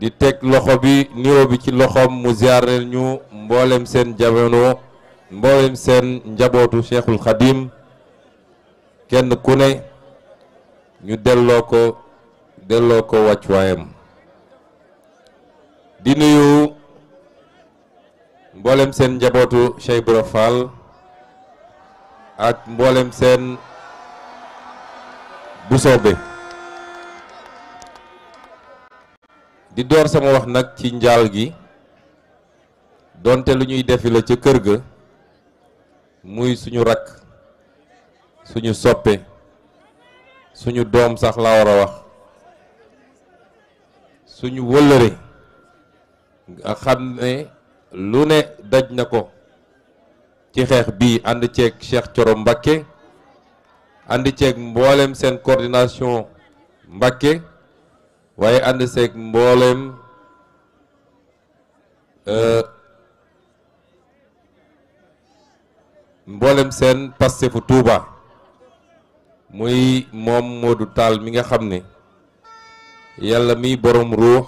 di teg loxo bi nuyoo bi ci loxoom mu ziareel ñu mboolem seen jamono mboolem seen njabootu Cheikhul Khadim kenn ku ne ñu delloo ko delloo ko wàccuwaayam di nuyu mboolem seen njabootu Cheikh Ibra ak mboolem seen bu soobee di door sama wax nag ci njaal gi donte lu ñuy defi ca kër ga muy suñu rakk suñu soppe suñu doom sax laa war wax suñu wëllëre nga xam ne lu ne daj na ko ci xeex bii ànd ceeg Cheikh Thioro Mbacké ànd ceeg mbooleem seen coordination Mbacké waaye ànd seeg mbooleem euh, mboolem seen Pastef Touba muy moom Modou Tall mi nga xam ni yàlla mi boroom ruux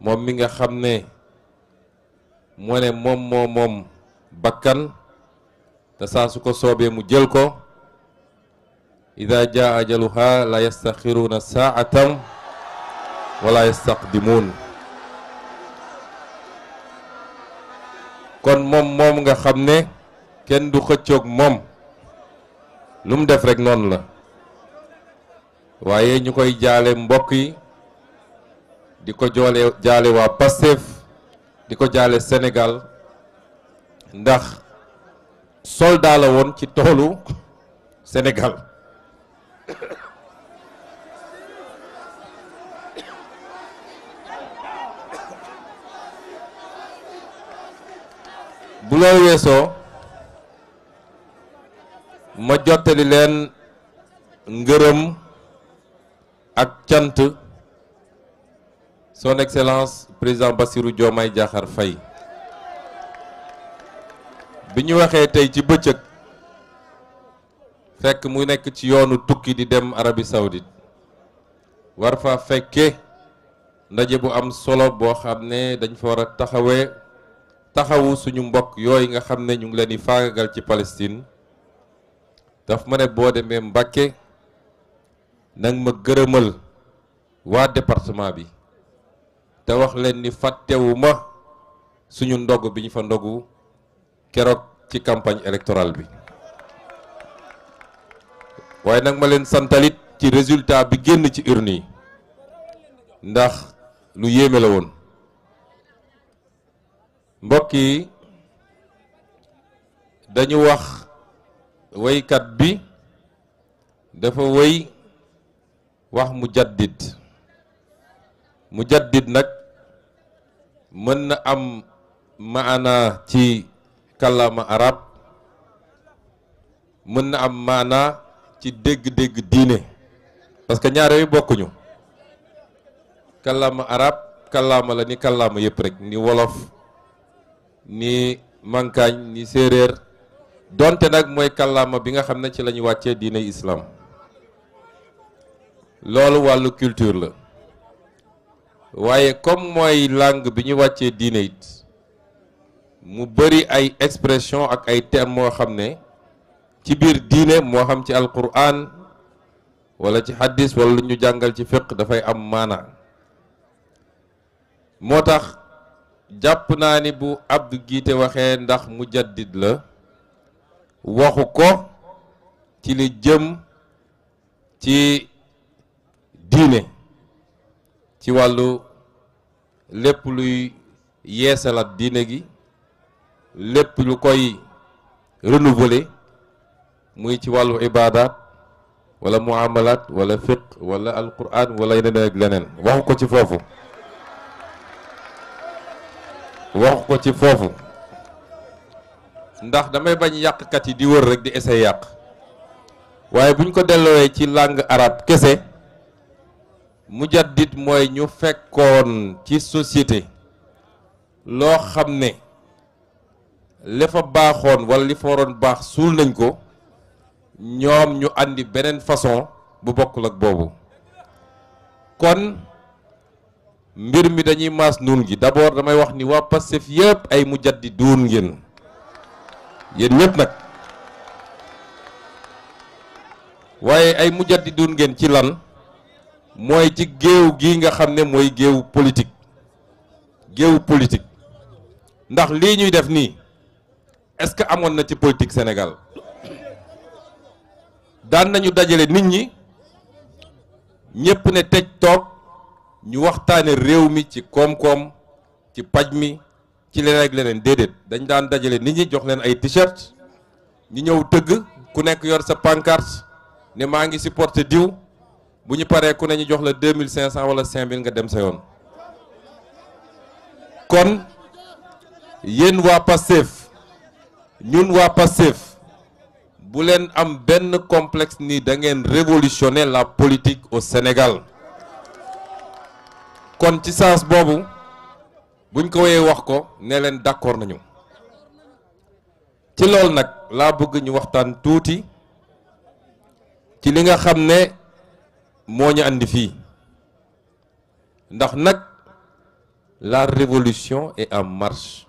moom mi nga xam ne moo ne moom moom bakkan te saa su ko soobee mu jël ko ida jaa ajaluha la yastaxiruna saatan wala yastaqdimuun kon moom moom nga xam ne kenn du xëccoog moom lu mu def rek noonu la waaye ñu koy jaale mbokk yi di ko joole jaale waa Pastef di ko jaale Sénégal ndax soldat la woon ci toolu senegal bu loolu weesoo ma jottali leen ngërëm ak cant son excellence président Bassirou Diomaye Diakhar Faye bi ñu waxee tey ci bëccëg fekk mu nekk ci yoonu tukki di dem arabi Saoudite war fa fekke ndaje bu am solo boo xam ne dañ fa war a taxawee taxawu suñu mbokk yooyu nga xam ne ñu ngi leen di faagagal ci Palestine daf ma ne boo demee Mbàkke nang ma gërëmal waa département bi te wax leen ni fàttewuma suñu ndogu bi ñu fa ndogu keroog ci campagne électorale bi waaye nag ma leen santalit ci résultat bi génn ci urni ndax lu yéeme la woon mbokk yi dañu wax waykat bi dafa wéy wax mu jaddid mu jaddid nag mën na am maana ci kàllaama arab mën na am maana ci dégg-dégg diine parce que ñaar bokkuñu kàllaama arab kallaama la ni kàllaama yëpp rek ni wolof ni mankaañ ni séeréer donte nag mooy kallaama bi nga xam ne ci la ñu wàccee diine islam loolu wàllu culture la waaye comme mooy langue bi ñuy wàccee diine it mu bëri ay expression ak ay termes moo xam ne ci biir diine moo xam ci alquran wala ci hadis wala ñu jàngal ci fiq dafay am maana moo tax jàpp naa ni bu Abdou giite waxee ndax mujaddid la waxu ko ci li jëm ci diine ci wàllu lépp luy yeesalaat diine gi lépp lu koy renouveler muy ci wàllu ibaadaat wala muamalaat wala fiq wala alquran wala yeneen ak leneen waxu ko ci foofu waxu ko ci foofu ndax damay bañ yàqkat yi di wër rek di essayer yàq waaye buñ ko delloowee ci langue arabe kese mujaddid mooy ñu fekkoon ci société loo xam ne li fa baaxoon wala li fa waroon baax suul nañ ko ñoom ñu andi beneen façon bu bokkul ak boobu kon mbir mi dañuy maas nuun gi d'abord damay wax ni waa Pastef yëpp ay mujaddi duun ngeen yéen ñëpp nag waaye ay mujaddi duun ngeen ci lan mooy ci géew gi nga xam ne mooy géew politique géew politique ndax li ñuy def nii est-ce que amoon na ci politique Sénégal daan nañu dajale nit ñi ñépp ne tej toog ñu waxtaane réew mi ci koom-koom ci paj mi ci leneen ak leneen déedéet dañ daan dajale nit ñi jox leen ay t-shirt ñu ñëw tëgg ku nekk yor sa pancarte ne maa ngi supporter diw bu ñu paree ku ne ñu jox la deux mille cinq cent wala cinq mille nga dem sa yoon kon yéen waa Pastef ñun waa Pastef bu leen am benn complex ni da ngeen révolutionner la politique au Sénégal kon ci sens boobu buñ ko woyee wax ko ne leen d'accord nañu ci loolu nag laa bëgg ñu waxtaan tuuti ci li nga xam ne moo ñu andi fii ndax nag la révolution est en marche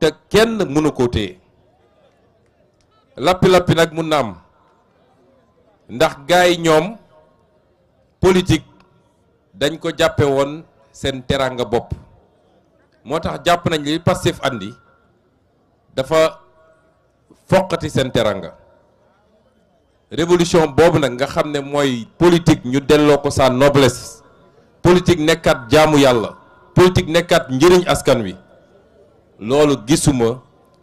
te kenn mënu ko téye lappi-lappi nag mun na ndax gars yi ñoom politique dañ ko jàppe woon seen teranga bopp moo tax jàpp nañ li Pastef andi dafa foqati seen teranga révolution boobu nag nga xam ne mooy politique ñu delloo ko sa noblesse politique nekkaat jaamu yàlla politique nekkaat njëriñ askan wi loolu gisuma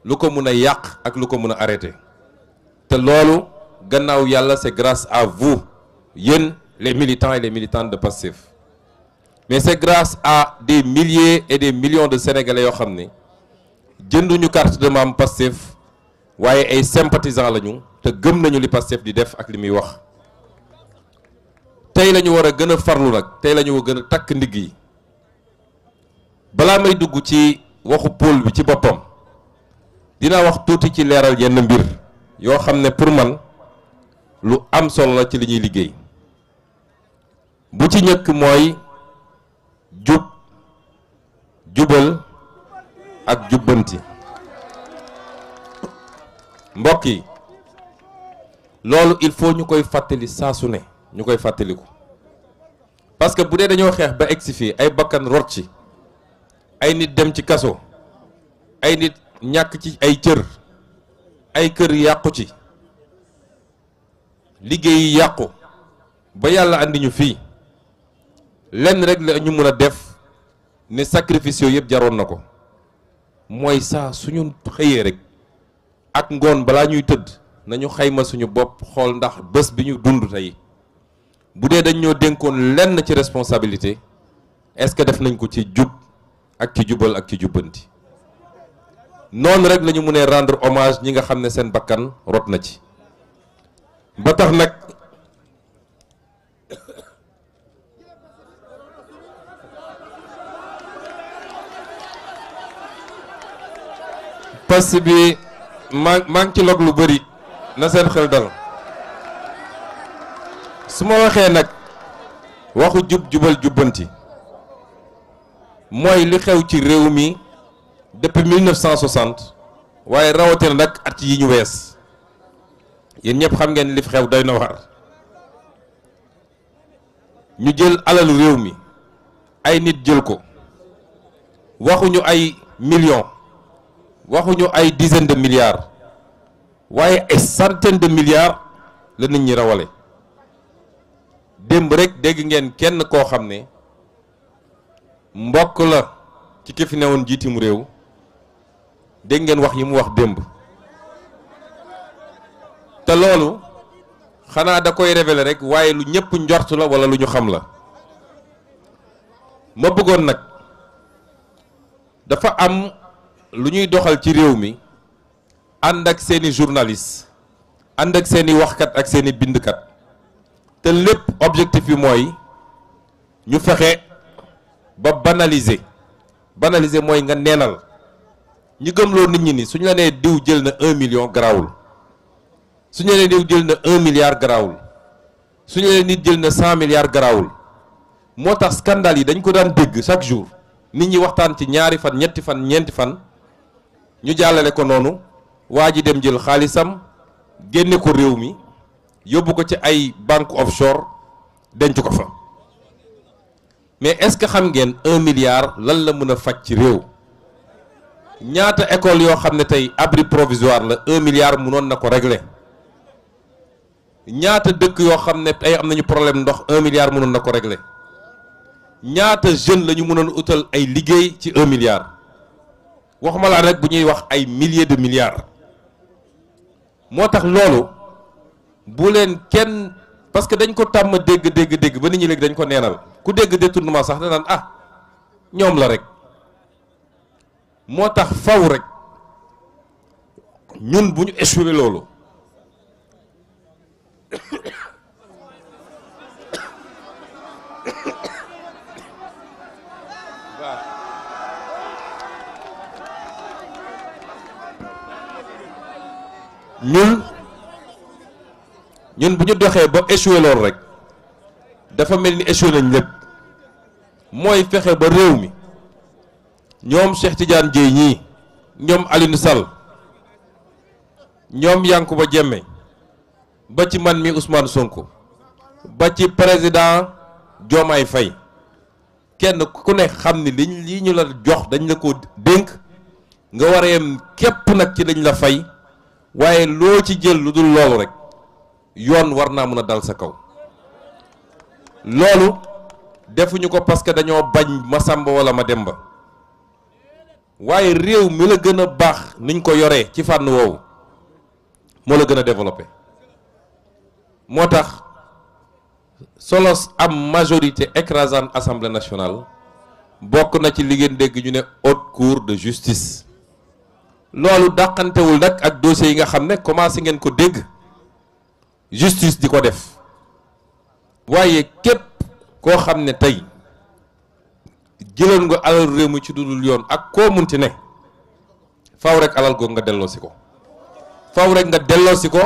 lu ko mun a yàq ak lu ko mun a arrêté te loolu gannaaw yàlla c'est grace à vous yéen les militants et les militantes de Pastef mais c'est grace à des milliers et des millions de sénégalais yoo xam ne jënduñu carte de membre Pastef waaye ay sympathisants lañu te gëm nañu li Pastef di def ak li muy wax tey lañu ñu war a gën a farlu nag tey la ñu war gën a takk ndigg yi balaa may dugg ci waxu pôle bi ci boppam dinaa wax tuuti ci leeral yenn mbir. yoo xam ne pour man lu am solo la ci li ñuy liggéey bu ci njëkk mooy jub jubal ak jubbanti mbokk yi loolu il faut ñu koy fàttali saa su ne ñu koy fàttaliku parce que bu dee dañoo xeex ba egsi fii ay bakkan rot ci ay nit dem ci kaso ay nit ñàkk ci ay cër ay kër yàqu ci liggéey yàqu ba yàlla andi ñu fii lenn rek la ñu mën a def ne sacrifice yooyu yëpp jaroon na ko mooy saa suñu xëyee rek ak ngoon balaa ñuy tëdd nañu xayma suñu bopp xool ndax bés bi ñu dund tey bu dee dañ ñoo dénkoon lenn ci responsabilité est-ce que def nañ ko ci jub ak ci jubal ak ci jubbanti noonu rek lañu ñu mënee rendre hommage ñi nga xam ne seen bakkan rot na ci ba tax nag parce bi maa maa ngi ci log lu bari na seen xel dal su ma waxee nag waxu jub jubal jubbanti mooy li xew ci réew mi depuis 1960 waaye rawatina nag at yi ñu wees yéen ñëpp xam ngeen li fi xew day na waar ñu jël alalu réew mi ay nit jël ko waxuñu ay million waxuñu ay dizaine de milliards waaye ay centaine de milliards la nit ñi rawale démb rek dégg ngeen kenn koo xam ne mbokk la ci ki fi newoon jiitim réew dégg ngeen wax yi mu wax démb te loolu xanaa da koy révéler rek waaye lu ñëpp njort la wala lu ñu xam la ma bëggoon nag dafa am lu ñuy doxal ci réew mi ànd ak seeni journaliste ànd ak seeni waxkat ak seeni bindkat te lépp objectif bi mooy ñu fexe ba banaliser banaliser mooy nga neenal ñu gëm loolu nit ñi ni suñu la nee diw jël na un million garaawul suñu la nee diw jël na un milliard garaawul suñu la nee nit jël na cent milliards garaawul moo tax scandale yi dañ ko daan bégg chaque jour nit ñi waxtaan ci ñaari fan ñetti fan ñeenti fan ñu jàllale ko noonu waa ji dem jël xaalisam génne ko réew mi yóbbu ko ci ay banque offshore denc ko fa mais est-ce que xam ngeen un milliard lan la mën a faj ci réew ñaata école yoo xam ne tey abri provisoire la un milliard munoon na ko régler ñaata dëkk yoo xam ne tey am nañu problème ndox un milliard munoon na ko régler ñaata jeune lañu ñu mënoon utal ay liggéey ci un milliard waxuma laa rek bu ñuy wax ay millier de milliards moo tax loolu bu leen kenn parce que dañ ko tàmm dégg dégg dégg ba nit ñi léegi dañ ko neenal ku dégg détournement sax da naan ah ñoom la rek moo tax faw rek ñun bu ñu échoué loolu ñun ñun bu ñu doxee ba échoué loolu rek dafa mel ni échoué nañ lépp mooy fexe ba réew mi ñoom Cheikh Tidiane Dièye ñii ñoom Alioune Sall ñoom ba Jemme ba ci man mi Ousmane Sonko ba ci président Diomaye fay kenn ku ne xam ni liñ li ñu la jox dañ la ko dénk nga war képp nag ci dañ la fay waaye loo ci jël lu dul loolu rek yoon war naa mën a dal sa kaw loolu defuñu ko parce que dañoo bañ ma sàmba wala ma demba waaye réew mi la gën a baax niñ ko yoree ci fànn woowu moo la gën a développé moo tax solos am majorité écrasante assemblée nationale bokk na ci li ngeen dégg ñu ne haute cour de justice loolu dàqantewul nag ak dossiers yi nga xam ne commencé ngeen ko dégg justice di ko def waaye képp koo xam ne tey jëloon nga alal réew mi ci dudul yoon ak koo mun munti ne faw rek alal googu nga delloosi ko faw rek nga delloosi ko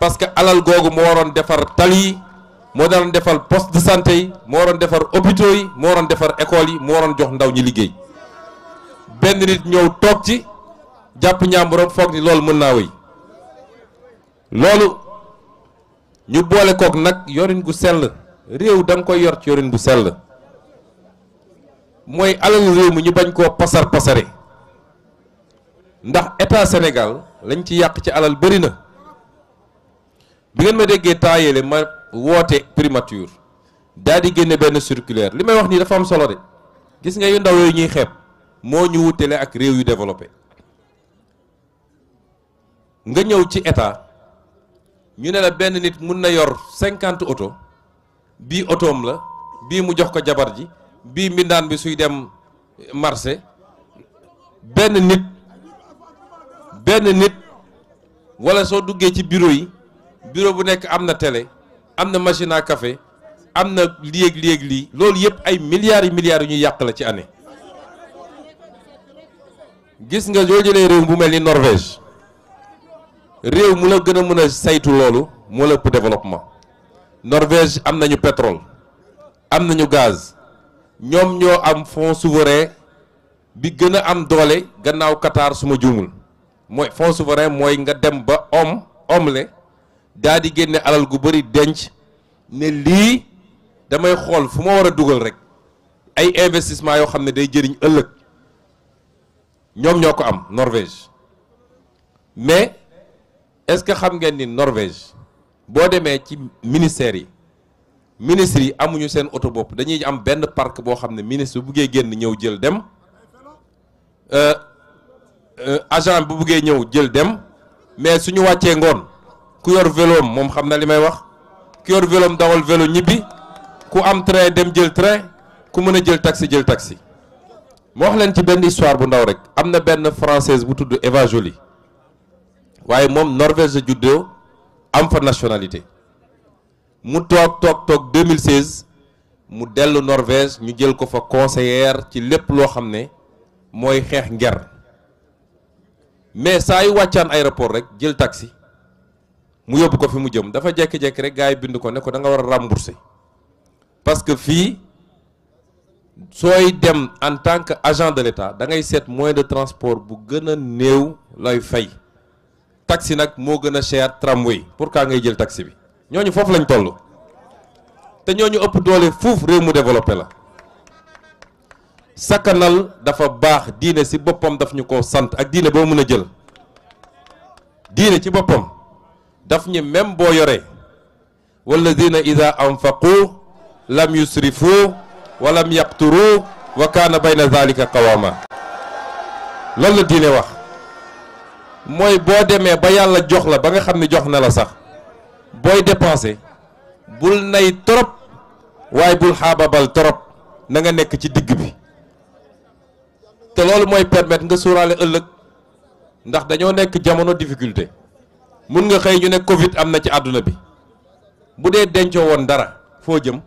parce que alal googu moo waroon defar tali moo doon defar poste de santé yi moo waroon defar hôpitaux yi moo waroon defar école yi moo waroon jox ndaw ñi liggéey benn nit ñëw toog ci jàpp ñaamburam foog ni loolu mën naa wéy loolu ñu boole kook nag yorin gu sell réew da nga koy yor ci yorin bu sell mooy alalu réew mi ñu bañ koo pasar pasare ndax état senegal lañ ci yàq ci alal bari na bi ngeen ma déggee taayele ma woote primature daal di génne benn circulaire li may wax nii dafa am solo de gis nga yu ndaw yooyu ñuy xeeb moo ñu wutale ak réew yu développé nga ñëw ci état ñu ne la benn nit mun na yor cinquante oto bii otoom la bii mu jox ko jabar ji bii mbindaan bi suy dem marché benn nit benn nit wala soo duggee ci bureau yi bureau bu nekk am na télé am na machine a café am na li léeg léeg lii loolu yëpp ay milliards yi milliards yu ñu yàq la ci année gis nga soo jëlee réew bu mel ni Norvège réew mu la gën a mën a saytu loolu moo la ëpp développement Norvège am nañu pétrole am nañu gaz ñoom ñoo am fonds souverain bi gën a am doole gannaaw Qatar su ma juumul mooy fonds souverain mooy nga dem ba om omle daa di génne alal gu bëri denc ne lii damay xool fu ma war a dugal rek ay investissement yoo xam ne day jëriñ ëllëg ñoom ñoo ko am Norvège mais est-ce que xam ngeen ni Norvège boo demee ci ministère yi ministre yi amuñu seen oto bopp dañuy am benn park boo xam ne ministre bu buggee génn ñëw jël dem euh, euh, agent bu buggee ñëw jël dem mais suñu wàccee ngoon ku yor véloom moom xam na li may wax ku yor véloom dawal vélo ñibbi ku am train dem jël train ku mën a jël taxi jël taxi. ma wax leen ci benn histoire bu ndaw rek am na benn française bu tudd Eva waaye moom Norvège la juddoo am fa nationalité. mu toog toog toog 2016 mu dellu norvege ñu jël ko fa conseillère ci lépp loo xam ne mooy xeex nger mais saa yu wàccaan aéroport rek jël taxi mu yóbbu ko fi mu jëm dafa jékki-jékki rek gars yi bind ko ne ko da nga war a rembourser parce que fii sooy dem en tant que agent de l'État da ngay seet moyen de transport bu gën a néew lay fay taxi nag moo gën a cher pour pourquoi ngay jël taxi bi ñooñu foofu lañ toll te ñooñu ëpp doole fuuf réew mu développé la sakkanal dafa baax diine ci boppam daf ñu ko sant ak diine boo mën a jël diine ci boppam daf ñu même boo yoree walladina ida anfaqu lam yusrifu wa lam yaqturu wa kaana bayna zalika qawama loolu la diine wax mooy boo demee ba yàlla jox la ba nga xam ne jox na la sax booy dépenser bul nay trop waaye bul xaababal trop na nga nekk ci digg bi te loolu mooy permettre nga suuraale ëllëg ndax dañoo nekk jamono difficulté mun nga xëy ñu ne Covid am na ci àdduna bi bu dee dencoo woon dara foo jëm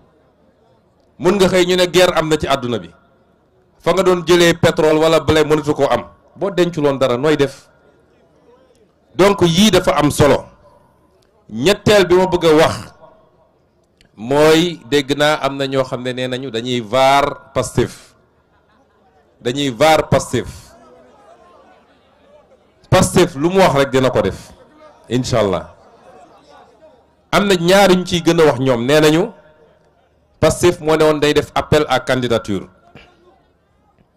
mun nga xëy ñu ne guerre am na ci àdduna bi fa nga doon jëlee pétrole wala blé mënatu koo am boo denculoon dara nooy def donc yii dafa am solo. ñetteel bi ma bëgg a wax mooy dégg naa am na ñoo xam ne nee nañu dañuy vaar Pastef dañuy vaar Pastef Pastef lu mu wax rek dina ko def incha allah am na ñaar ñu ciy gën a wax ñoom nee nañu Pastef moo ne woon day def appel à candidature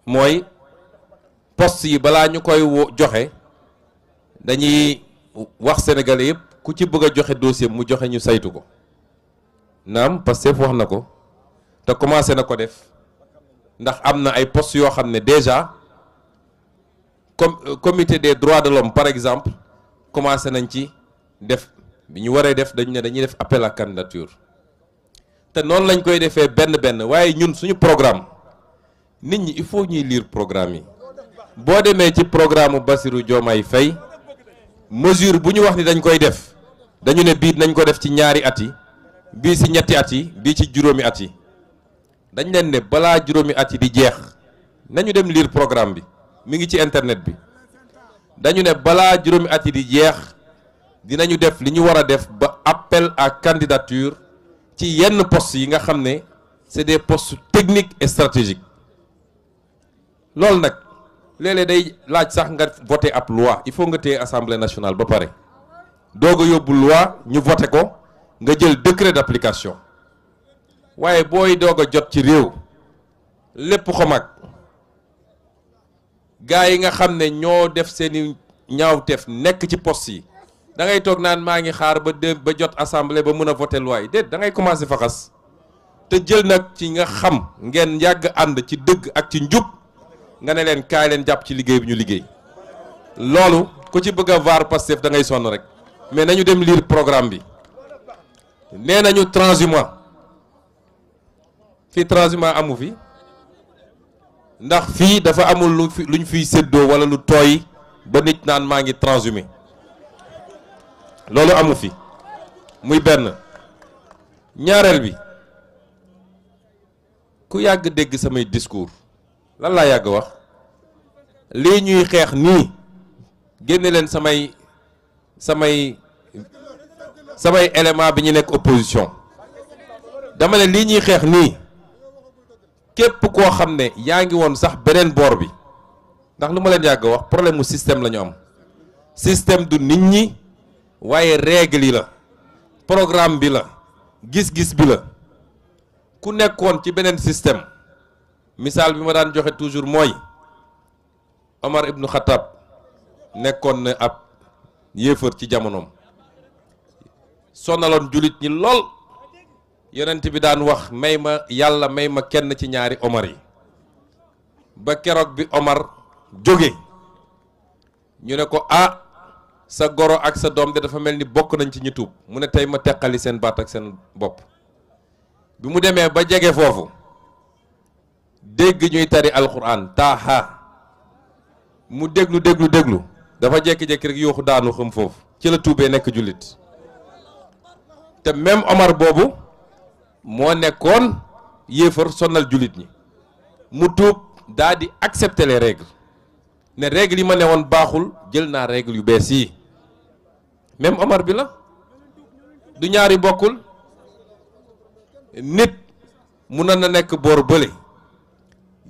mooy post yi balaa ñu koy joxe dañuy wax sénégalais yëpp. ku ci bëgg a joxe dossier mu joxe ñu saytu ko naam Pastef wax na ko te commencé na ko def ndax am na ay postes yoo xam ne déjà comme euh, comité des droits de l'homme par exemple commencé nañ ci def bi ñu waree def dañu ne dañuy def appel à te noonu lañ koy defee benn benn waaye ñun suñu programme nit ñi il faut ñuy liir programme yi boo demee ci programme Bassirou Diomaye Faye mesure bu ñu wax ni dañ koy def dañu ne biir nañ ko def ci ñaari at yi bii ci ñetti at yi bii ci juróomi at yi dañ leen ne balaa juróomi at yi di jeex nañu dem liir programme bi mi ngi ci internet bi dañu ne balaa juróomi at yi di jeex dinañu def li ñu war a def ba appel à candidature ci yenn post yi nga xam ne c'est des postes techniques et stratégiques loolu nag léeg day laaj sax nga voté ab loi il faut nga téye assemblée nationale ba pare doog a yóbbu loi ñu voté ko nga jël décret d'application waaye booy doog a jot ci réew lépp xomag gaa yi nga xam ne ñoo def seeni ñaawteef nekk ci post yi dangay toog naan maa ngi xaar ba dé ba jot assemblée ba mën a voté loi yi déet da ngay commencé faxas te jël nag ci nga xam ngeen yàgg ànd ci dëgg ak ci njub nga ne leen kaay leen jàpp ci liggéey bi ñu liggéey loolu ku ci bëgg a vaar Pastef da ngay sonn rek mais nañu dem lire programme bi nee nañu transhumant fii transhumant amu fi ndax fii dafa amul lu fi luñ fiy séddoo wala lu tooy ba nit naan maa ngi transhumé loolu amu fi muy benn ñaareel bi ku yàgg dégg samay discours lan laa yàgg wax lii ñuy xeex nii génne leen samay samay samay élément bi ñu nekk opposition dama ne lii ñuy xeex nii képp koo xam ne yaa ngi woon sax beneen boor bi ndax lu ma leen yàgg wax problème mu système la ñu am système du nit ñi waaye règle yi la programme bi la gis-gis bi la ku nekkoon ci beneen système misaal bi ma daan joxe toujours mooy Omar ibnu Xattaab nekkoon na ab yéefar ci jamonoom sonaloon jullit ñi lool yenent bi daan wax may ma yàlla may ma kenn ci ñaari Omar yi ba keroog bi Omar jóge ñu ne ko ah sa goro ak sa doom de dafa mel ni bokk nañ ci ñu tuub mu ne tey ma teqali seen baat ak seen bopp bi mu demee ba jege foofu dégg ñuy tari alxuraan taaha mu déglu déglu déglu dafa jékki-jékki rek yooxu daanu xam foofu ci la tuubee nekk jullit te même Omar boobu moo nekkoon yéefar sonnal jullit ñi mu tuub daa di accepter les ne règles yi ma ne woon baaxul jël naa règles yu bees yi même Omar bi la du ñaari bokkul nit mun na na nekk boor bële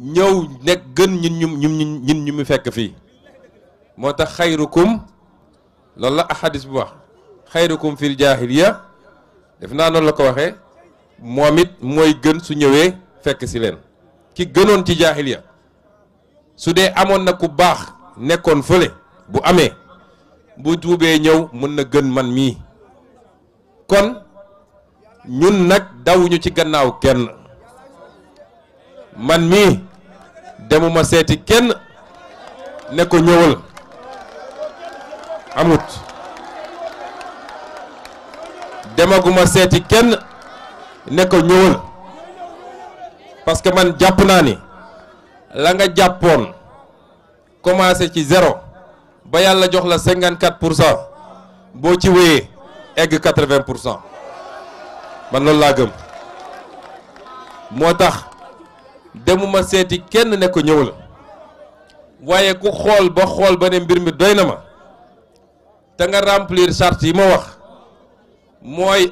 ñëw nekk gën ñun ñu ñun ñun ñu mu fekk fii moo tax xayrukum loolu la ahadis bu wax xayrukum fil jaahiliya def naa noonu la ko waxee moom it mooy gën su ñëwee fekk si leen ki gënoon ci jaahiliya su dee amoon na ku baax nekkoon fële bu amee bu tuubee ñëw mën na gën man mii kon ñun nag dawuñu ci gannaaw kenn man mii demuma seeti kenn ne ko ñëwal amut demaguma seeti kenn ne ko ñëwal parce que man jàpp naa ni la nga jàppoon commencé ci zéro ba yàlla jox la 54 pour cent boo ci wéyee egg vingt pour cent man loolu laa gëm moo tax. demuma seeti kenn ne ko ñëw la waaye ku xool ba xool ba ne mbir mi doy na ma te nga remplir charte yi ma wax mooy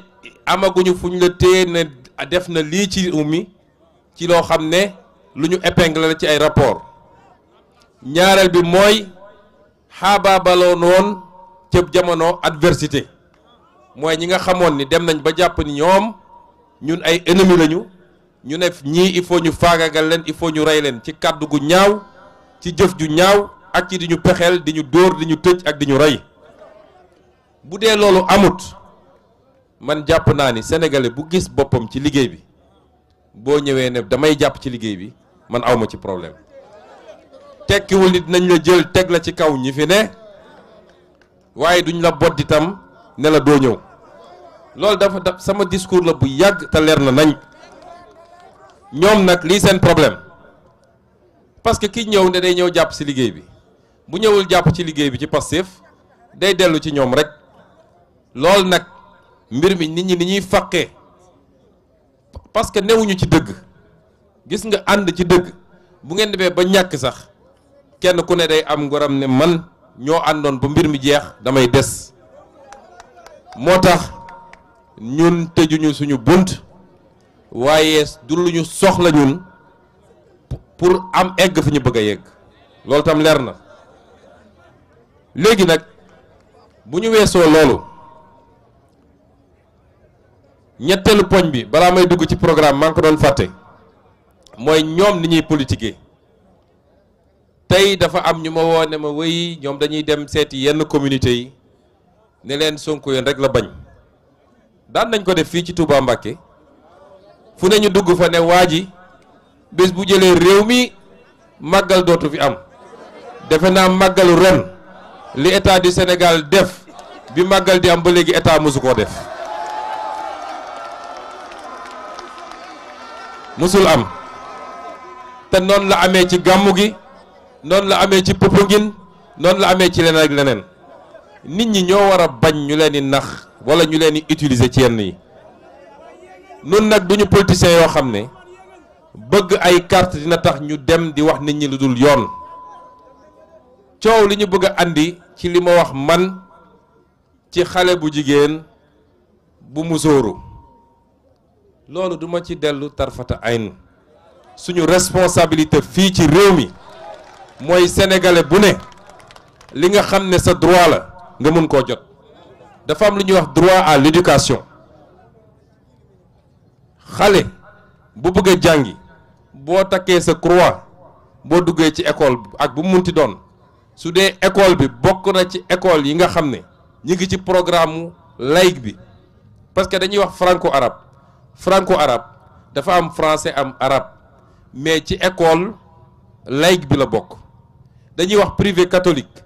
amaguñu fu ñu la téye ne def na lii ci ummi ci loo xam ne lu ñu épingle la ci ay rapport ñaareel bi mooy xaabaabaloon cëb ca jamono adversité mooy ñi nga xamoon ni dem nañ ba jàpp ni ñoom ñun ay ennemis lañu ñu ne ñii il faut ñu faagagal leen il faut ñu rey leen ci kàddu gu ñaaw ci jëf ju ñaaw ak ci di ñu pexeel di ñu dóor di ñu tëj ak di ñu rey bu dee loolu amut man jàpp naa ni sénégalais bu gis boppam ci liggéey bi boo ñëwee ne damay jàpp ci liggéey bi man awma ci problème tekkiwul nit nañ la jël teg la ci kaw ñi fi ne waaye duñ la bodditam ne la doo ñëw loolu dafa sama discours la bu yàgg te leer na nañ ñoom nag lii seen problème parce que ki ñëw ne day ñëw jàpp ci liggéey bi bu ñëwul jàpp ci liggéey bi ci Pastef day dellu ci ñoom rek loolu nag mbir mi nit ñi ni ñuy faqee parce que newuñu ci dëgg gis nga ànd ci dëgg bu ngeen demee ba ñàkk sax kenn ku ne day am ngoram ne man ñoo àndoon ba mbir mi jeex damay des moo tax ñun tëjuñu suñu bunt waaye du lu ñu soxla ñun pour am egg fi ñu bëgg a yegg loolu tam leer na léegi nag bu ñu weesoo loolu ñetteelu poñ bi balaa may dugg ci programme man ko doon fàtte mooy ñoom ni ñuy politiquer tey dafa am ñu ma woo ne ma wéy ñoom dañuy dem seeti yenn communauté yi ne leen sonk yéen rek la bañ daan nañ ko def fii ci Touba Mbacké fu ne ñu dugg fa ne waa ji bés bu jëlee réew mi màggal dootu fi am defe naa màggalu ren li état du senegal def bi màggal di am ba léegi état mosu koo def mosul am te noon la amee ci gàmmu gi noonu la amee ci Popenguine noonu la amee ci leneen ak leneen nit ñi ñoo war a bañ ñu leen di nax wala ñu leen di utiliser ci yenn yi. nun nag duñu politiciens yoo xam ne bëgg ay carte dina tax ñu dem di wax nit ñi lu dul yoon coow li ñu bëgg a andi ci li ma wax man ci xale bu jigéen bu musóoru loolu duma ci dellu tarfata ayn suñu responsabilité fii ci réew mi mooy sénégalais bu ne li nga xam ne sa droit la nga mën koo jot dafa am lu ñuy wax droit à l'éducation xale bu bëgg jàngi boo takkee sa croix boo duggee ci école ak bu munti doon su dee école bi bokk na ci école yi nga xam ne ñu ngi ci programme laïque bi parce que dañuy wax franco arabe franco arabe dafa am français am arabe mais ci école laïque bi la bokk dañuy wax privé catholique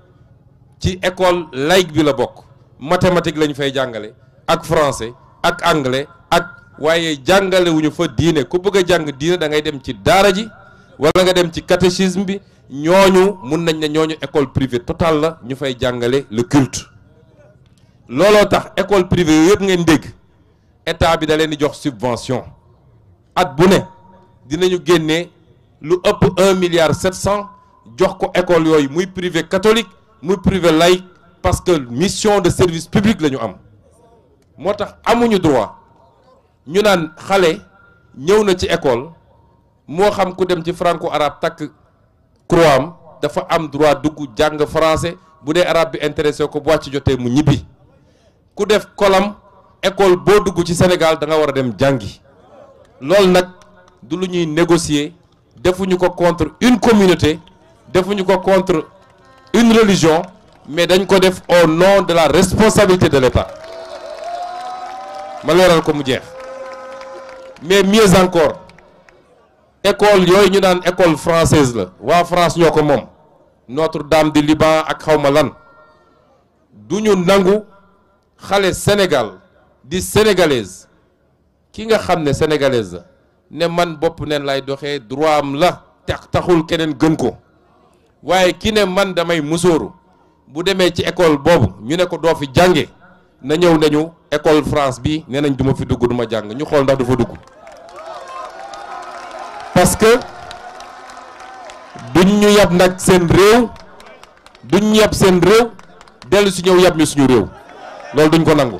ci école laïque bi la bokk mathématique lañu fay jàngale ak français ak anglais waaye jàngalewuñu wuñu fa diine ku bëgg a jàng diine da ngay dem ci daara ji wala nga dem ci catéchisme bi ñooñu mun nañ ne ñooñu école privée totale la ñu fay jàngale le culte looloo tax école privée yooyu yëpp ngeen dégg état bi da leen di jox subvention at bu ne dinañu génnee lu ëpp un milliard sept cent jox ko école yooyu muy privé catholique muy privé laïque parce que mission de service public la ñu am moo tax amuñu droit ñu naan xale ñëw na ci école moo xam ku dem ci franco arabe takk croix dafa am droit dugg jàng français bu dee arabe bi intéressé ko bu wàcc jotee mu ñibbi ku def kolam école boo dugg ci Sénégal da nga war a dem jàngi loolu nag du lu ñuy négocier defuñu ko contre une communauté defuñu ko contre une religion mais dañ ko def au nom de la responsabilité de l'État ma leeral ko mu jeex mais mieux encore école yooyu ñu naan école française la waa France ñoo ko moom Notre-Dame di Liban ak xawma lan du ñu nangu xale Sénégal di sénégalaise ki nga xam ne sénégalaise la ne man bopp neen lay doxee droit am la tax taxul keneen gën ko waaye ki ne man damay musóoru bu demee ci école boobu ñu ne ko doo fi jànge na ñëw nañu école France bi nee nañ du ma fi dugg du jàng ñu xool ndax du fa dugg parce que duñ ñu yab nag seen réew duñ ñu yab seen réew dellu si ñëw yab ñu suñu réew loolu duñ ko nangu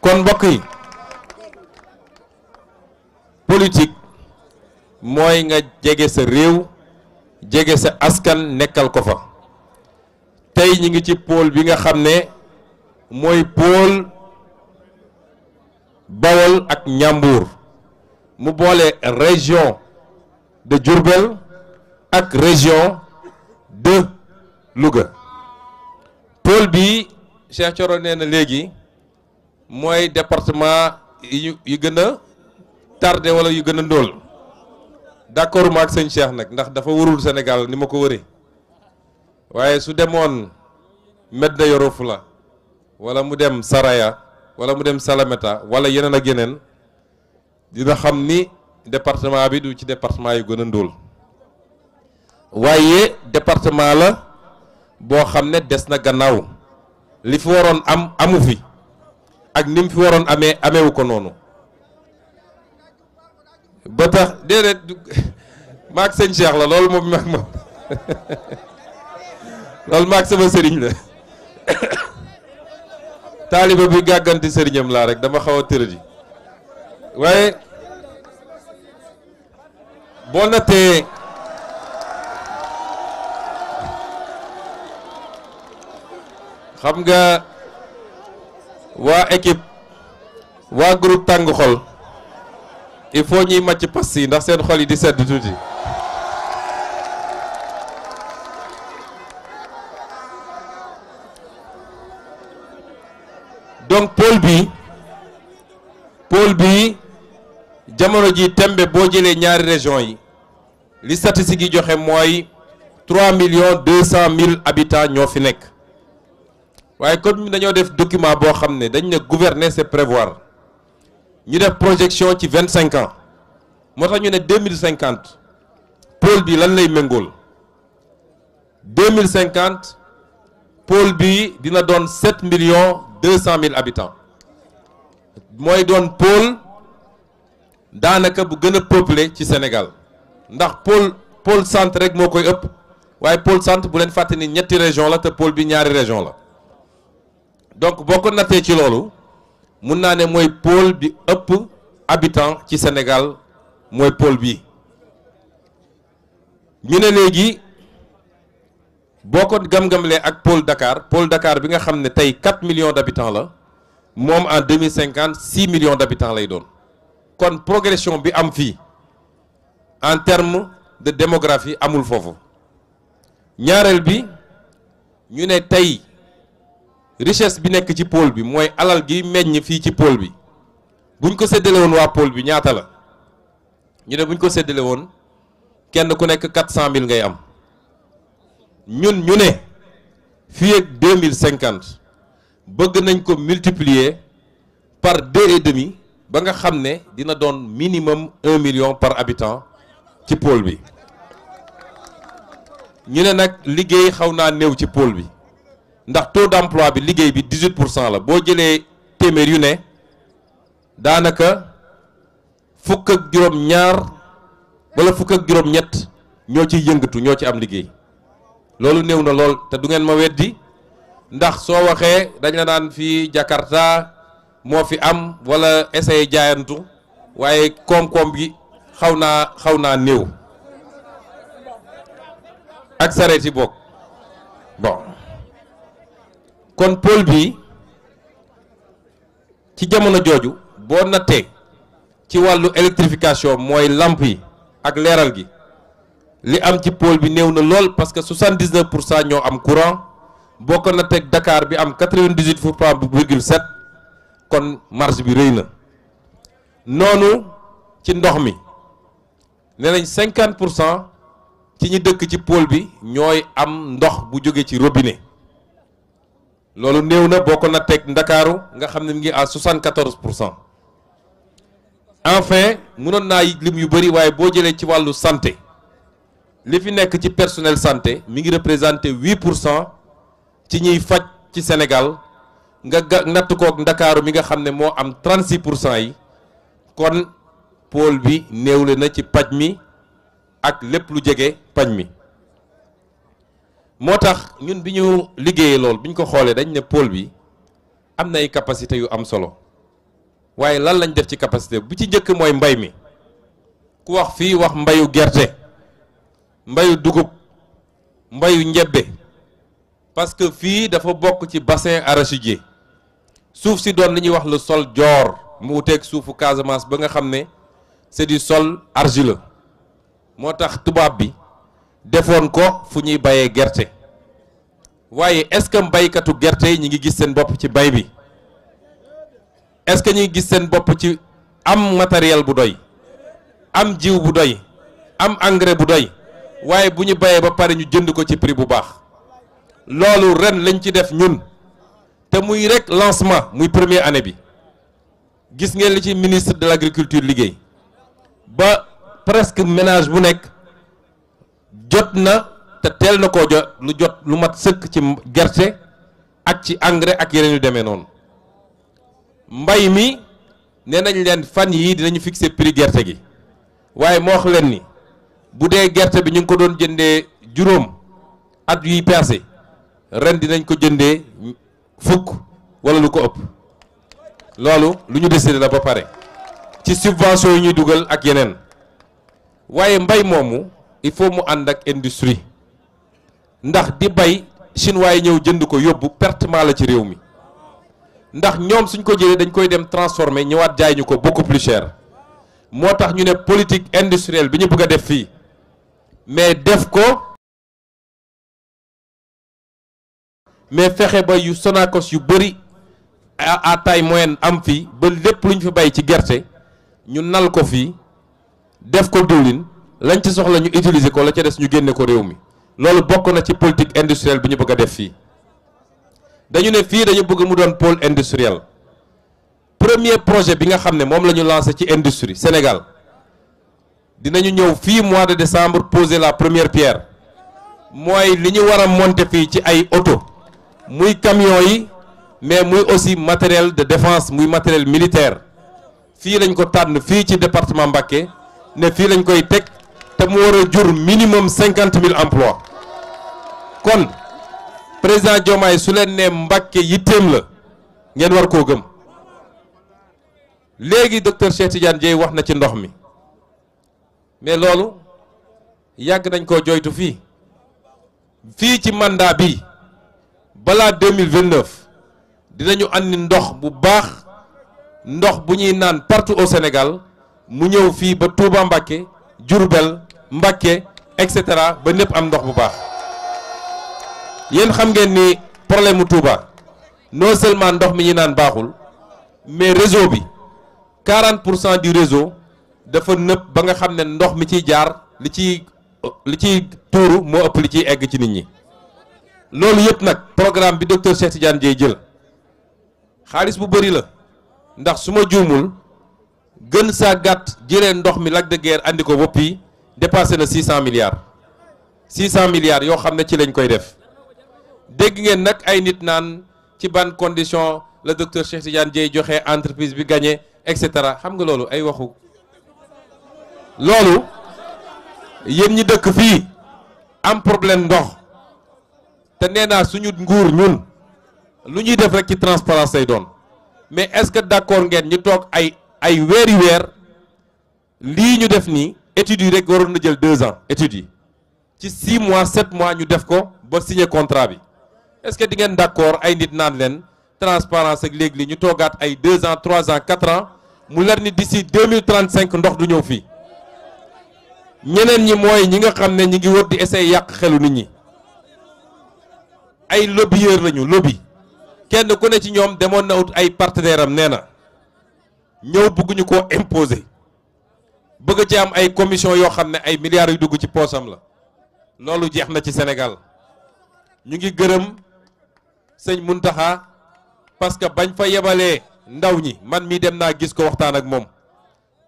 kon mbokk yi politique mooy nga jege sa réew jege sa askan nekkal ko fa tey ñi ngi ci pôle bi nga xam ne mooy pôle Bawol ak Ñàmbuur mu boole région de jurbel ak région de Louga pôle bi Cheikh Thioro nee na léegi mooy département yu yu gën a tardé wala yu gën a ndóol d'accord ma ak sëñ Cheikh nag ndax dafa wërul Sénégal ni ma ko waree waaye su demoon Medina Yoro Fula wala mu dem Saraya wala mu dem Salemata wala yeneen ak yeneen dina xam ni département bi du ci département yu gën ndóol waaye département la boo xam ne des na gannaaw li fi waroon am amu fi ak ni mu fi waroon amee ameewu ko noonu ba tax déedéet maag sëñ Cheikh la loolu moom maag ma loolu maag sama sëriñ la taaliba bi gàgganti sëriñam laa rek dama xaw a tëradi waaye boo nattee xam nga waa équipe waa groupe tàng xol il faut ñuy màcc pass yi ndax seen xol yi di sedd tuuti donc pôle bi pôle bi jamono ji tembe boo jëlee ñaari région yi li statistique yi joxe mooy trois millions deux cent mille habitants ñoo fi nekk waaye comme dañoo def document boo xam ne dañu ne gouverner c'est prévoir ñu def projection ci vingt cinq ans moo tax ñu ne deux mille cinquante pôle bi lan lay méngool deux mille cinquante pôle bi dina doon sept million deux cent mille habitants mooy doon pôle daanaka bu gën a peuplé ci Sénégal ndax pôle pôle centre rek moo koy ëpp waaye pôle sant bu leen fàtte ni ñetti région la te pôle bi ñaari région la donc boo ko nattee ci loolu mun naa ne mooy pôle bi ëpp habitant ci Sénégal mooy pôle bi ñu ne léegi boo ko gam-gamlee ak pôle Dakar pole Dakar bi nga xam ne tey million millions d'habitants la moom en 2050 6 millions d'habitants lay doon kon progression bi am fii en terme de démographie amul foofu ñaareel bi ñu ne tey richesse bi nekk ci pôle bi mooy alal gi meññ fii ci pole bi buñ ko séddale waa pôle bi ñaata la ñu ne buñ ko séddale woon kenn ku nekk 400 mille ngay am ñun ñu ne fii ak mille cinquante bëgg nañ ko multiplier par deux et demi ba nga xam ne dina doon minimum un million par habitant ci pool bi ñu ne nag liggéey xaw naa néew ci pôle bi ndax taux d'emploi bi liggéey bi 18 pour cent la boo jëlee téeméer yu ne daanaka fukk ak juróom-ñaar wala fukk ak juróom-ñett ñoo ciy yëngatu ñoo ci am liggéey. loolu néew na lool te du ngeen ma weddi ndax soo waxee dañ la naan fi Jakarta moo fi am walla essayé jaayantu waaye koom-koom gi xaw naa xaw naa néew ak sareet yi kon pôle bi ci jamono jooju boo nattee ci wàllu électrification mooy làmp yi ak leeral gi li am ci pôle bi néew na lool parce que 79 pour cent ñoo am courant boo ko nattee Dakar bi am 98 pour cent virgule 7 kon marge bi rëy na noonu ci ndox mi ne nañ 50 pour cent ci ñi dëkk ci pool bi ñooy am ndox bu jóge ci robinet loolu néew na boo ko nattee Ndakaaru nga xam ne mu ngi à 74 pour cent enfin mënoon naa lim yu bëri waaye boo jëlee ci wàllu santé. li fi nekk ci personnel santé mi ngi représenté huit pour cent ci ñuy faj ci Sénégal nga ga natt koog ndakaaru bi nga xam ne moo am trente six pour cent yi kon pôle bi néewle na ci paj mi ak lépp lu jege paj mi moo tax ñun bi ñu liggéeyee lool bi ñu ko xoolee dañ ne pôle bi am na ay capacité yu am solo waaye lan lañ def ci capacité bu ci njëkk mooy mbay mi ku wax fi wax mbayu gerte mbayu dugub mbayu njebbe parce que fii dafa bokk ci bassin arachidier suuf si doon li ñuy wax le sol joor mu wuteeg suufu Casamance ba nga xam ne c'est du sol argile moo tax tubaab bi defoon ko fu ñuy bayee gerte waaye est-ce que mbaykatu gerte yi ñu ngi gis seen bopp ci bay bi est-ce que ñi gis seen bopp ci am matériel bu doy am jiw bu doy am engrais bu doy waaye bu ñu bayee ba pare ñu jënd ko ci prix bu baax loolu ren lañ ci def ñun te muy rek lancement muy premier année bi gis ngeen li ci ministre de l'agriculture liggéey ba presque ménage bu nekk jot na te teel na ko jot lu jot lu mat sëkk ci gerte ak ci engrais ak yeneen yu demee noonu mbay mi nee nañ leen fan yii dinañu fixer prix gerte gi waaye moo wax leen ni bu dee gerte bi ñu ngi ko doon jëndee juróom at yuy passé ren dinañ ko jëndee fukk wala lu ko ëpp loolu lu ñu décidé la ba pare ci subvention yu ñuy dugal ak yeneen waaye mbay moomu il faut mu ànd ak industrie ndax di bay chinois yi ñëw jënd ko yóbbu pertement la ci réew mi ndax ñoom suñ ko jëlee dañ koy dem transformer ñëwaat jaay ñu ko beaucoup plus moo tax ñu ne politique industrielle bi ñu bëgg def fii mais def ko mais fexe ba yu Sonacos yu bëri à taille moyenne am fii ba lépp lu ñu fi bay ci gerte ñu nal ko fii def ko diwlin lañ ci soxla ñu utiliser ko la ca des ñu génne ko réew mi loolu bokk na ci politique industrielle bi ñu bëgg a def fii dañu ne fii dañu bëgg mu doon pôle industriel premier projet bi nga xam ne moom la ñu lancé ci industrie Sénégal dinañu ñëw fii mois de décembre poser la première pierre mooy li ñu war a monter fii ci ay oto muy camion yi mais muy aussi matériel de défense muy matériel militaire fii lañ ko tànn fii ci département Mbacké ne fii lañ koy teg te mu war a jur minimum cinquante mille emplois kon président Diomaye su leen ne Mbacké yitteem la ngeen war koo gëm léegi docteur Cheikh Tidiane Dieye wax na ci ndox mi mais loolu yàgg nañ ko joytu fii fii ci mandat bi balaa 2029 dinañu andi ndox bu baax ndox bu ñuy naan partout au Sénégal mu ñëw fii ba Touba Mbacké Diourbel Mbacké et cetera ba ñëpp am ndox bu baax yéen xam ngeen ni problème mu Touba non seulement ndox mi ñuy naan baaxul mais réseau bi 40 pour cent du réseau dafa nëb ba nga xam ne ndox mi ciy jaar li ciy li ciy tuuru moo ëpp li ciy egg ci nit ñi loolu yëpp nag programme bi docteur Cheikh Tidiane jël xaalis bu bëri la ndax su ma juumul gën saa gàtt jëlee ndox mi Lac de Guiers andi ko bopp yi dépassé na 600 milliards 600 milliards yoo xam ne ci lañ koy def dégg ngeen nag ay nit naan ci ban condition la docteur Cheikh Tidiane joxe entreprise bi gagné et cetera xam nga loolu ay waxu. loolu yéen ñi dëkk fii am problème ndox te nee naa suñu nguur ñun lu ñuy def rek ci transparence lay doon mais est-ce que d'accord ngeen ñu toog ay ay weeri weer lii ñu def nii études yi rek waroon jël deux ans études yi ci six mois sept mois ñu def ko ba signer contrat bi est-ce que di ngeen d'accord ay nit naan leen transparence ak léegi li ñu toogaat ay deux ans trois ans quatre ans mu leer ni d'ici deux mille trente cinq ndox du ñëw fii ñeneen ñi mooy ñi nga xam ne ñi ngi wër di essayer yàq xelu nit ñi ay lobbyeur lañu lobby kenn ku ne ci ñoom demoon na ut ay partenaire am nee na ñëw bëgguñu ko imposer bëgg ci am ay commission yoo xam ne ay milliards yu dugg ci poosam la loolu jeex na ci Sénégal ñu ngi gërëm sëñ Muntaxa parce que bañ fa yebalee ndaw ñi man mii dem naa gis ko waxtaan ak moom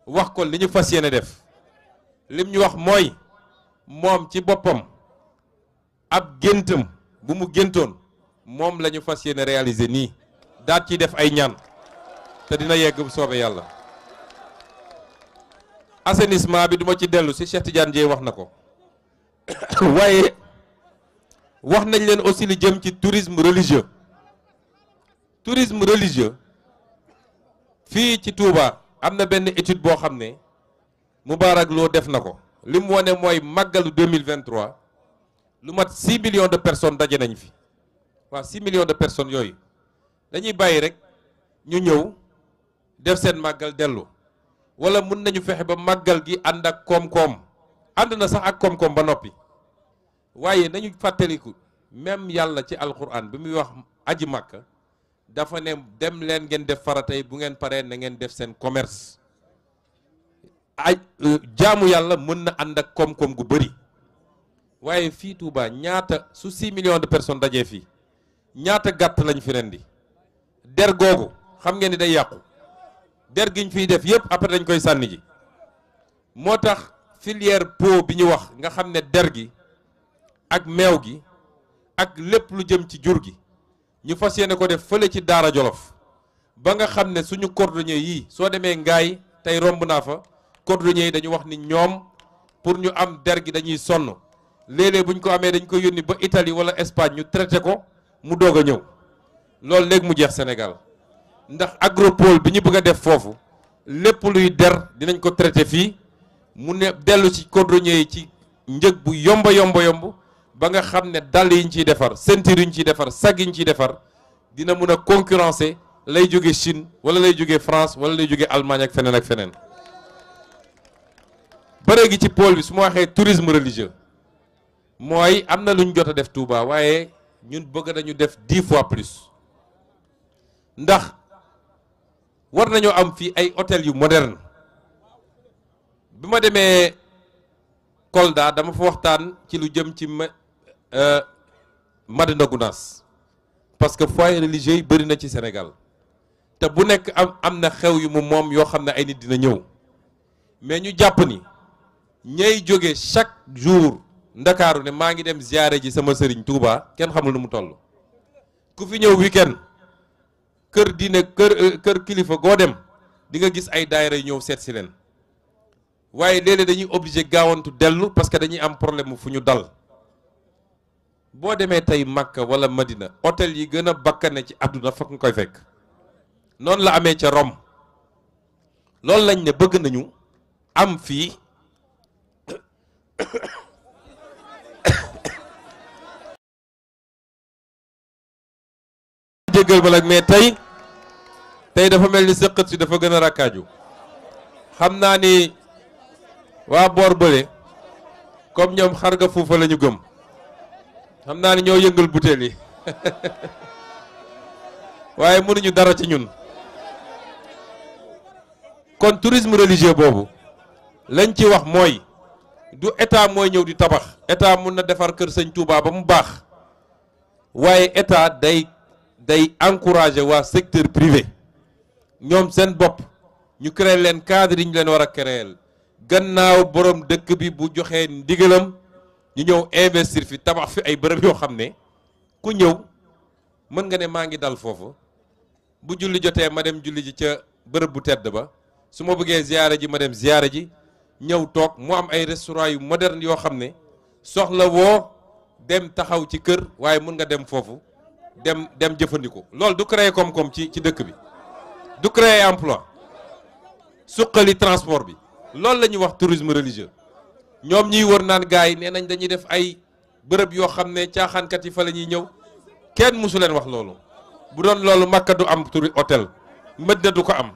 wax kon li ñu fas yéene def lim ñu wax mooy moom ci boppam ab géntam bu mu géntoon moom la ñu fas yéene réaliser nii daat ci def ay ñaan te dina yegg bu soobee yàlla assainissement bi duma ci dellu si Cheikh Tidiane wax na ko waaye wax nañ leen aussi li jëm ci tourisme religieux tourisme religieux fii ci Touba am na benn étude boo xam ne Moubarak Lo def na ko li mu wane mooy màggalu 2023 lu mat 6 million de personnes daje nañ fi waa 6 millions de personnes yooyu dañuy bàyyi rek ñu ñëw def seen màggal dellu wala mun nañu fexe ba màggal gi ànd ak koom-koom ànd na sax ak koom-koom ba noppi waaye nañu fàttaliku même yàlla ci alquran bi muy wax aji màkk dafa ne dem leen ngeen def faratay bu ngeen paree na ngeen def seen commerce ay euh, jaamu yàlla mën na ànd ak koom-koom gu bëri waaye fii Touba ñaata su 6 million de personnes dajee fii ñaata gàtt lañ fi rendi der googu xam ngeen ni day yàqu der giñ fiy def yépp après dañ koy sànni ji moo tax filière po bi ñu wax nga xam ne der gi ak meew gi ak lépp lu jëm ci jur gi ñu fas yéene ko def fële ci daara jolof ba nga xam ne suñu cordonnier yii soo demee ngaay tey romb naa fa cordonnier yi dañu wax ni ñoom pour ñu am der gi dañuy sonn léeg buñ ko amee dañ ko yónni ba itali wala Espagne ñu traité ko mu doog a ñëw loolu léegi mu jeex Sénégal ndax agropole bi ñu bëgg a def foofu lépp luy der dinañ ko traité fii mu ne dellu ci cordonnier yi ci njëg bu yomba yomba yomb ba nga xam ne dàll yi ñu ciy defar ceinture yi ñu ciy defar sag yi ñu ciy defar dina mun a concurrencer lay jóge Chine wala lay jóge France wala lay jóge Allemagne ak ak feneen bëre gi ci pôle bi su ma waxee tourisme religieux mooy am na lu ñu jot a def Touba waaye ñun bëgg nañu def dix fois plus ndax war nañoo am fii ay hôtel yu moderne bi ma demee Kolda dama fa waxtaan ci lu jëm ci euh, Madina Gounass parce que foyer religieux yi bëri na ci Sénégal te bu nekk am am na xew yu mu moom yoo xam ne ay nit dina ñëw mais ñu jàpp ni ñay jóge chaque jour ndakaaru ne maa ngi dem ziare ji sama sëriñ Touba kenn xamul nu mu toll ku fi ñëw wi kenn kër diine kër euh, kër kilifa goo dem di nga gis ay daayira yu ñëw seet si leen waaye léeg-léeg dañuy obligé gaawantu dellu parce que dañuy am problème fu ñu dal boo demee tey Makka wala Madina hôtel yi gën a bakkane ci àdduna fokk nga koy fekk noonu la amee ca Rome loolu lañ ne bëgg nañu am fii jéggal ma nag mais tey tey dafa mel ni sëqët si dafa gën a rakkaaju xam naa ni waa boor bële comme ñoom xar nga fuufa la ñu gëm xam naa ni ñoo yëngal butéel yi waaye mënuñu dara ci ñun kon tourisme religieux boobu lañ ci wax mooy du état mooy ñëw di tabax état mun na defar kër sañ Touba ba mu baax waaye état day day encourager waa secteur privé ñoom seen bopp ñu créer leen cadre yi ñu leen war a créer gannaaw borom dëkk bi bu joxee ndigalam ñu ñëw investir fi tabax fi ay bërëb yoo xam ne ku ñëw mën nga ne maa ngi dal foofu bu julli jotee ma dem julli ji ca bërëb bu tedd ba su ma bëggee ziyaara ji ma dem ziyaara ji ñëw toog mu am ay restaurant yu moderne yoo xam ne soxla woo dem taxaw ci kër waaye mun nga dem foofu dem dem jëfandikoo loolu du créer koom-koom ci ci dëkk bi du créer emploi suqali transport bi loolu la ñuy wax tourisme religieux ñoom ñiy wër naan gars yi nee nañ dañuy def ay bërëb yoo xam ne caaxaankat yi fa la ñuy ñëw kenn mësu leen wax loolu bu doon loolu Makka du am turi hôtel Medina du ko am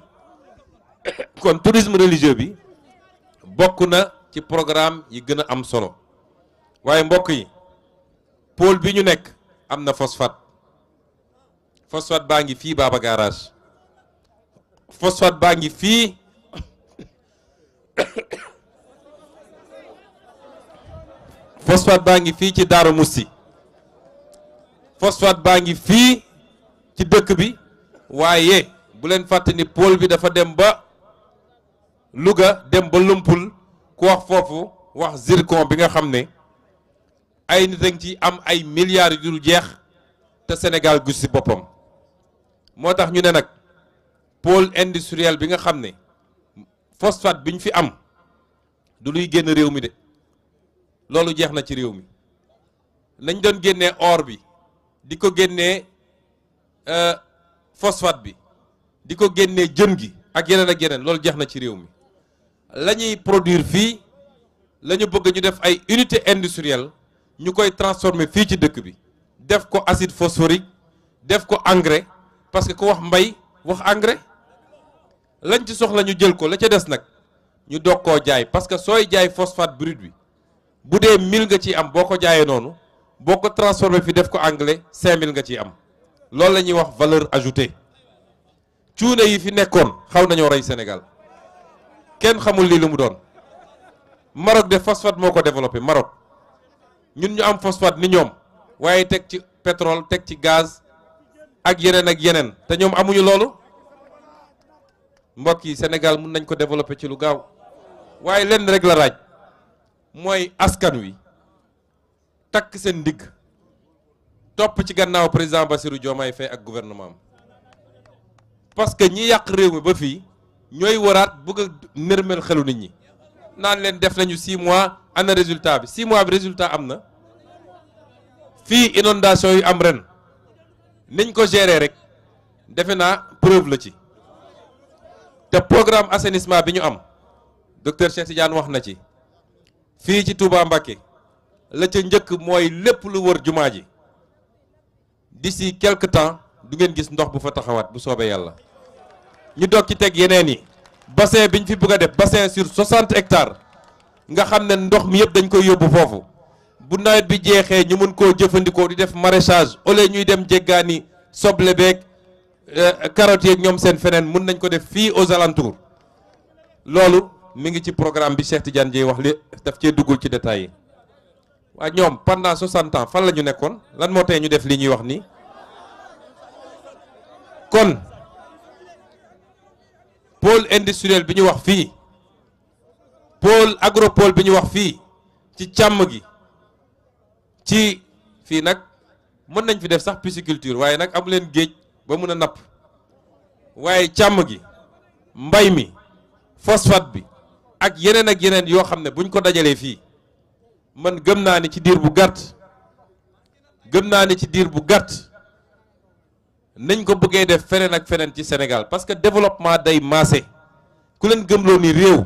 kon tourisme religieux bi bokk na ci programme yi gën a am solo waaye mbokk yi pôle bi ñu nekk am na phosphate phosphate baa ngi fii Baba Garage phosphate baa ngi fii phosphate baa ngi fii ci Daaru Musti phosphate baa ngi fii ci dëkk bi waaye bu leen fàttani ni bi dafa dem ba Louga dem ba Lompoul ku wax foofu wax zircon bi nga xam ne ay nit dañ ci am ay milliards yu dul jeex te senegal gus si boppam moo tax ñu ne nag pôle industriel bi nga xam ne phosphate bi ñu fi am du luy génn réew mi de loolu jeex na ci réew mi nañ doon génnee or bi di ko génnee euh, phosphate bi di ko génnee jën gi ak yeneen ak yeneen loolu jeex na ci réew mi la ñuy produire fii la ñu bëgg ñu def ay unité industrielle ñu koy transformer fii ci dëkk bi def ko acide phosphorique def ko engrais parce que ku wax mbay wax engrais lañ ci soxla ñu jël ko la ca des nag ñu doog koo jaay parce que sooy jaay phosphate brut bi bu dee 1000 nga ciy am boo ko jaayee noonu boo ko transformé fi def ko engrais 5000 nga ciy am loolu la ñuy wax valeur ajoutée cuune yi fi nekkoon xaw nañoo rey Sénégal kenn xamul lii lu mu doon Maroc de phosphate moo ko développé Maroc ñun ñu am phosphate ni ñoom waaye teg ci pétrole teg ci gaz ak yeneen ak yeneen te ñoom amuñu loolu mbokk yi Sénégal mun nañ ko développé ci lu gaaw waaye lenn rek la raaj mooy askan wi takk seen ndigg topp ci gannaaw président Bassirou Diomaye Faye ak gouvernement am parce que ñi yàq réew mi ba fii ñooy waraat bëgg a nërmel xelu nit ñi naan leen def nañu 6 mois ana résultat bi 6 mois bi résultat am na fii inondation yu am ren niñ ko geeree rek defe naa preuve la ci te programme assainissement bi ñu am docteur Cheikh Tidiane wax na ci fii ci Touba Mbacké la ca njëkk mooy lépp lu war jumaa ji di si quelque temps du ngeen gis ndox bu fa taxawaat bu soobee yàlla ñu doog ci teg yeneen yi bassin bi ñu fi bëgg a def bassin sur 60 hectares nga xam ne ndox mi yëpp dañ koy yóbbu foofu bu nawet bi jeexee ñu mën koo jëfandikoo di def maraîchage au ñuy dem jéggaani soble beek euh, carottes yeeg ñoom seen feneen mun nañ ko def fii aux alentours loolu mu ngi ci programme bi Cheikh Tidiane Dièye wax li daf cee duggul ci détails yi waa ñoom pendant 60 ans fan la ñu nekkoon lan moo tey ñu def li ñuy wax nii kon. pôle industriel bi ñu wax fii pôle agropole bi ñu wax fii ci càmm gi ci fii nag mën nañ fi def sax culture waaye nag amu leen géej ba mun a napp waaye càmm gi mbay mi phosphate bi ak yeneen ak yeneen yoo xam ne buñ ko dajalee fii mën gëm naa ni ci diir bu gàtt gëm naa ni ci diir bu gàtt nañ ko bëggee def feneen ak feneen ci Sénégal parce que développement day maase ku leen gëm gëmloo ni réew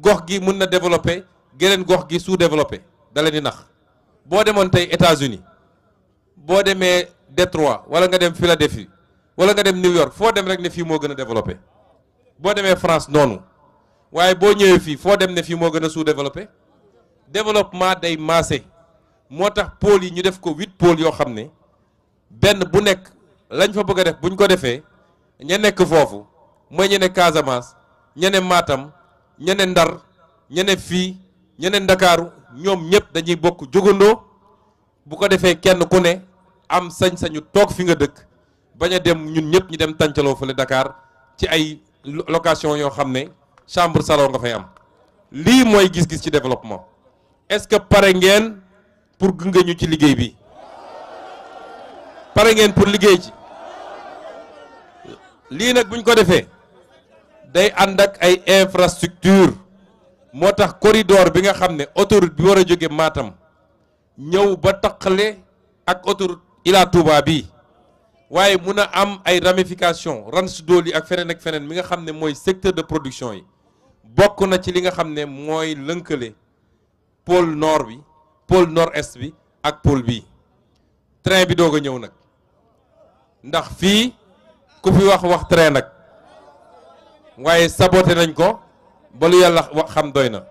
gox gi mun na développé geneen gox gi sous-développé da leen nax boo demoon tey États-Unis boo demee Détroit wala nga dem Philadelphie wala nga dem New York foo dem rek ne fii moo gën a développé boo demee France noonu waaye boo ñëwee fii foo dem ne fii moo gën a sous-développé développement day maase moo tax pôles yi ñu def ko huit pôles yoo xam ne benn bu nekk. lañ fa bëgg a def buñ ko defee ña nekk foofu mooy ñe ne Casamance ñe ne Matam ñe ne Ndar ñe ne fii ñe ne Ndakaaru ñoom ñëpp dañuy bokk jógandoo bu ko defee kenn ku ne am sañ-sañu toog fi nga dëkk bañ a dem ñun ñëpp ñu dem tàncaloo fële Dakar ci ay location yoo xam ne chambre salon nga fay am lii mooy gis-gis ci développement est-ce que pare ngeen pour gunge ñu ci liggéey bi pare ngeen pour liggéey ci lii nag buñ ko defee day ànd ak ay infrastructure moo tax corridor bi nga xam ne autorite bi war a jóge maatam ñëw ba taqale ak autoroute Ila Touba bi waaye mun a am ay ramification rans yi ak feneen ak feneen bi nga xam ne mooy secteur de production yi bokk na ci li nga xam ne mooy lënkale pôle nord bi pôle nord est bi ak pôle bii train bi doog a ñëw nag ndax fii ku fi wax wax train nag waaye saboté nañ ko ba lu yàlla xam doy na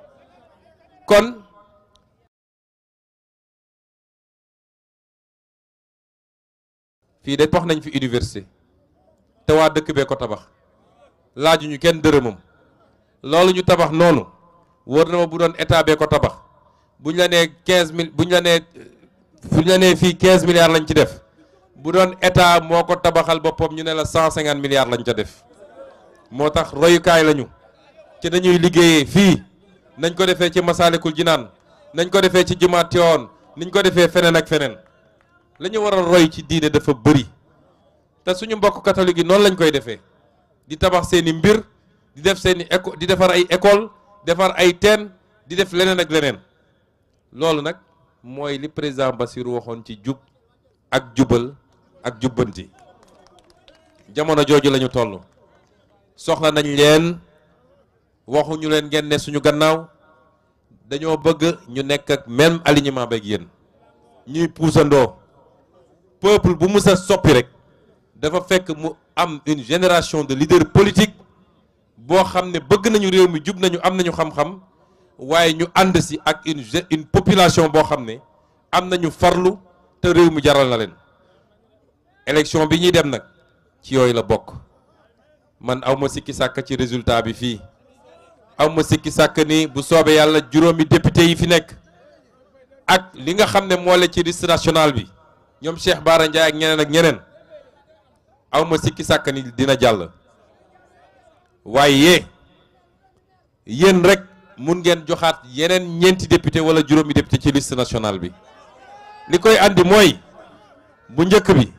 kon fii de tabax nañ fi université te waa dëkk bee ko tabax laaju ñu kenn dërëmam loolu ñu tabax noonu wóor na ma bu doon état bee ko tabax bu ñu la nee quinze mille bu ñu la nee bu ñu la nee fii quinze milliards lañ ci def bu doon état moo ko tabaxal boppam ñu ne la cent cinquante milliards lañ ca def moo tax royukaay lañu ci dañuy liggéeyee fii nañ ko defee ci masaalikul jinaan nañ ko defee ci jumaa Tiwaawan niñ ko defee feneen ak feneen la war a roy ci diine dafa bëri te suñu mbokk catholique yi noonu lañ koy defee di tabax seeni mbir di def seeni éco di defar ay école defar ay teen di def leneen ak leneen loolu nag mooy li président Bassirou waxoon ci jub ak jubal ak jubbanti jamono jooju lañu toll soxla nañ leen waxuñu leen ngeen ne suñu gannaaw dañoo bëgg ñu nekk ak même alignement beeg yéen ñuy puusandoo peuple bu musa soppi rek dafa fekk mu am une génération de leaders politique boo xam ne bëgg nañu réew mi jub nañu am nañu xam-xam waaye ñu ànd si ak une une population boo xam ne am nañu farlu te réew mi jaral na leen élection bi ñuy dem nag ci yooyu la bokk man awma sikki sàkk ci résultat bi fii awma sikki sàkk ni bu soobee yàlla juróomi député yi fi nekk ak li nga xam ne moole ci liste national bi ñoom Cheikh baara Ndiaye ak ñeneen ak ñeneen awma sikki sàkk ni dina jàll waaye yéen rek mun ngeen joxaat yeneen ñeenti député wala juróomi député ci liste national bi li koy andi mooy bu njëkk bi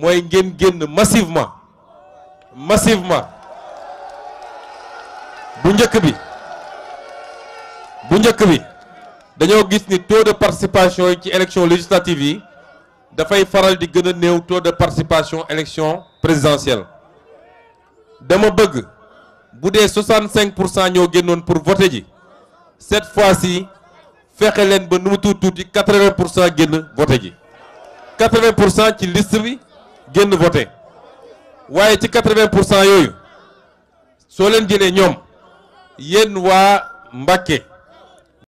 mooy ngeen génn massivement massivement bu njëkk bi bu njëkk bi dañoo gis ni taux de participation yi ci élection législative yi dafay faral di gën a néew taux de participation élection présidentielle dama bëgg bu dee 65 pour cent ñoo génnoon pour voter ji cette fois-ci fexe leen ba nu mu tuuti tuuti quatre vingt pour cent génn voté ji quatre vingt pour cent ci liste génn voté waaye ci quatre pour cent yooyu soo leen jëlee ñoom yenn waa Mbàkke